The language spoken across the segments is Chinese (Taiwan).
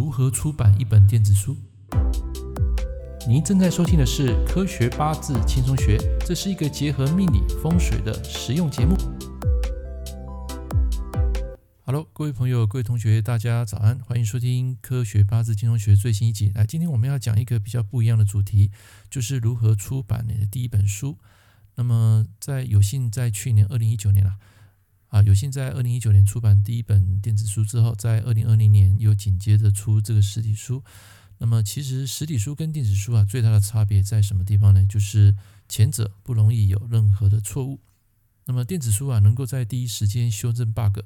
如何出版一本電子書？您正在收聽的是《科學八字輕鬆學》，這是一個結合命理、風水的實用節目。哈嘍，各位朋友、各位同學，大家早安，歡迎收聽《科學八字輕鬆學》最新一集。來，今天我們要講一個比較不一樣的主題，就是如何出版你的第一本書。那麼在，在有幸在去年二零一九年呢、啊？啊，有幸在二零一九年出版第一本電子書之後，在二零二零年又緊接着出這個實體書。那麼，其實實體書跟電子書啊，最大的差別在什麼地方呢？就是前者不容易有任何的錯誤。那麼電子書啊，能夠在第一時間修正 bug，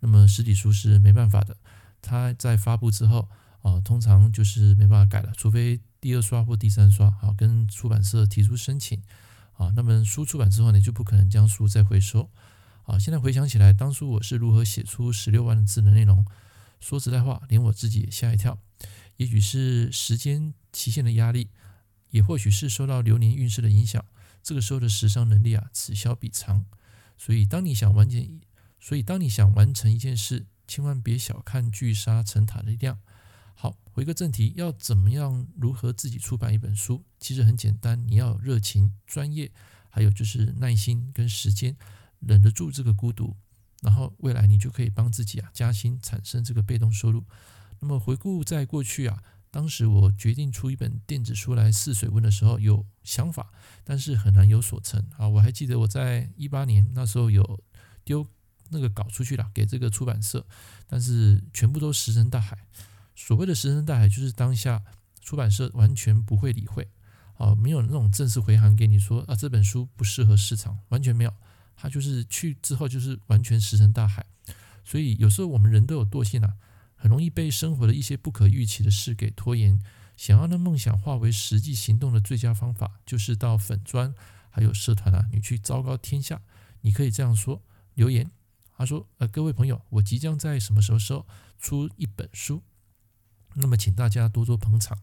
那麼實體書是沒辦法的。它在發布之後啊，通常就是沒辦法改了，除非第二刷或第三刷，啊，跟出版社提出申請啊。那麼書出版之後呢，就不可能將書再回收。啊，現在回想起來，當初我是如何寫出十六萬字的內容？說實在話，連我自己也嚇一跳。也許是時間期限的壓力，也或許是受到流年運勢的影響，這個時候的時尚能力啊，此消彼長。所以，當你想完成，所以當你想完成一件事，千萬別小看聚沙成塔的力量。好，回個正題，要怎麼樣如何自己出版一本書？其實很簡單，你要有熱情、專業，還有就是耐心跟時間。忍得住這個孤獨，然後未來你就可以幫自己啊加薪，產生這個被動收入。那麼回顧在過去啊，當時我決定出一本電子書來試水溫的時候，有想法，但是很難有所成啊。我還記得我在一八年那時候有丟那個稿出去了，給這個出版社，但是全部都石沉大海。所謂的石沉大海，就是當下出版社完全不會理會啊，沒有那種正式回函給你說，啊，這本書不適合市場，完全沒有。他就是去之後就是完全石沉大海，所以有時候我們人都有惰性啊，很容易被生活的一些不可預期的事給拖延。想要讓夢想化為實際行動的最佳方法，就是到粉專還有社團啊，你去昭告天下。你可以這樣說：留言，他說，呃，各位朋友，我即將在什麼時候時候出一本書。那麼請大家多多捧場，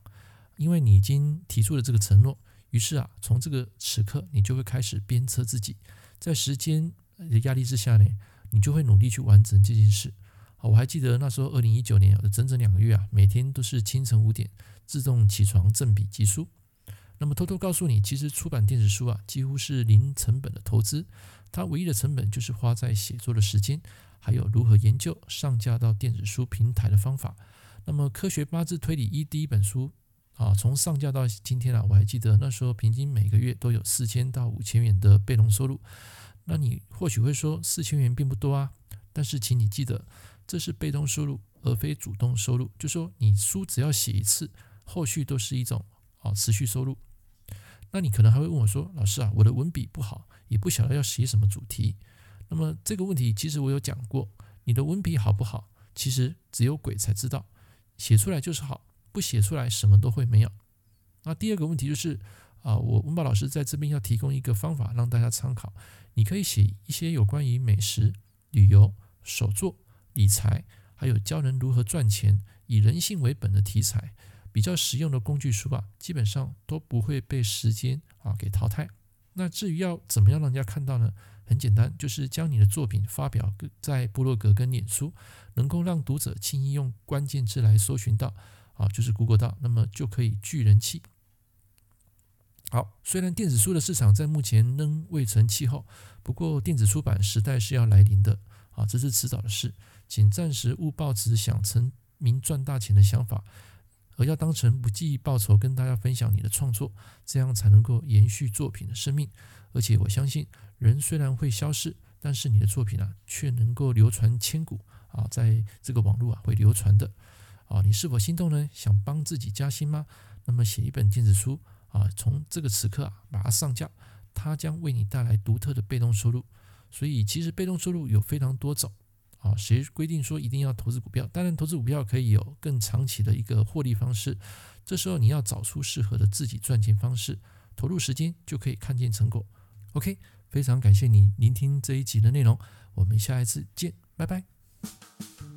因為你已經提出了這個承諾。於是啊，從這個時刻，你就會開始鞭策自己，在時間的壓力之下呢，你就會努力去完成這件事。好，我還記得那時候2019年，二零一九年整整兩個月啊，每天都是清晨五點自動起床，振筆疾書。那麼，偷偷告訴你，其實出版電子書啊，幾乎是零成本的投資，它唯一的成本就是花在寫作的時間，還有如何研究上架到電子書平台的方法。那麼，《科學八字推理一》第一本書。啊，從上架到今天啊，我還記得那時候平均每個月都有四千到五千元的被動收入。那你或許會說，四千元並不多啊，但是請你記得，這是被動收入而非主動收入。就說你書只要寫一次，後續都是一種啊持續收入。那你可能還會問我說，老師啊，我的文筆不好，也不曉得要寫什麼主題。那麼這個問題其實我有講過，你的文筆好不好，其實只有鬼才知道，寫出來就是好。不寫出來，什麼都會沒有。那第二個問題就是，啊，我文堡老師在這邊要提供一個方法，讓大家參考。你可以寫一些有關於美食、旅遊、手作、理財，還有教人如何賺錢、以人性為本的題材，比較實用的工具書啊，基本上都不會被時間啊給淘汰。那至於要怎麼樣讓人家看到呢？很簡單，就是將你的作品發表在部落格跟臉書，能夠讓讀者輕易用關鍵字來搜尋到。啊，就是 Google 到，那麼就可以聚人氣。好，雖然電子書的市場在目前仍未成氣候，不過電子出版時代是要來臨的啊，這是遲早的事。請暫時勿抱只想成名賺大錢的想法，而要當成不計報酬跟大家分享你的創作，這樣才能夠延續作品的生命。而且我相信，人雖然會消失，但是你的作品呢、啊，卻能夠流傳千古啊，在這個網絡啊會流傳的。啊、哦，你是否心動呢？想幫自己加薪嗎？那麼寫一本電子書啊，從這個此刻啊，把它上架，它將為你帶來獨特的被動收入。所以其實被動收入有非常多種啊，誰規定說一定要投資股票？當然投資股票可以有更長期的一個獲利方式，這時候你要找出適合的自己賺錢方式，投入時間就可以看見成果。OK，非常感謝你聆聽這一集的內容，我們下一次見，拜拜。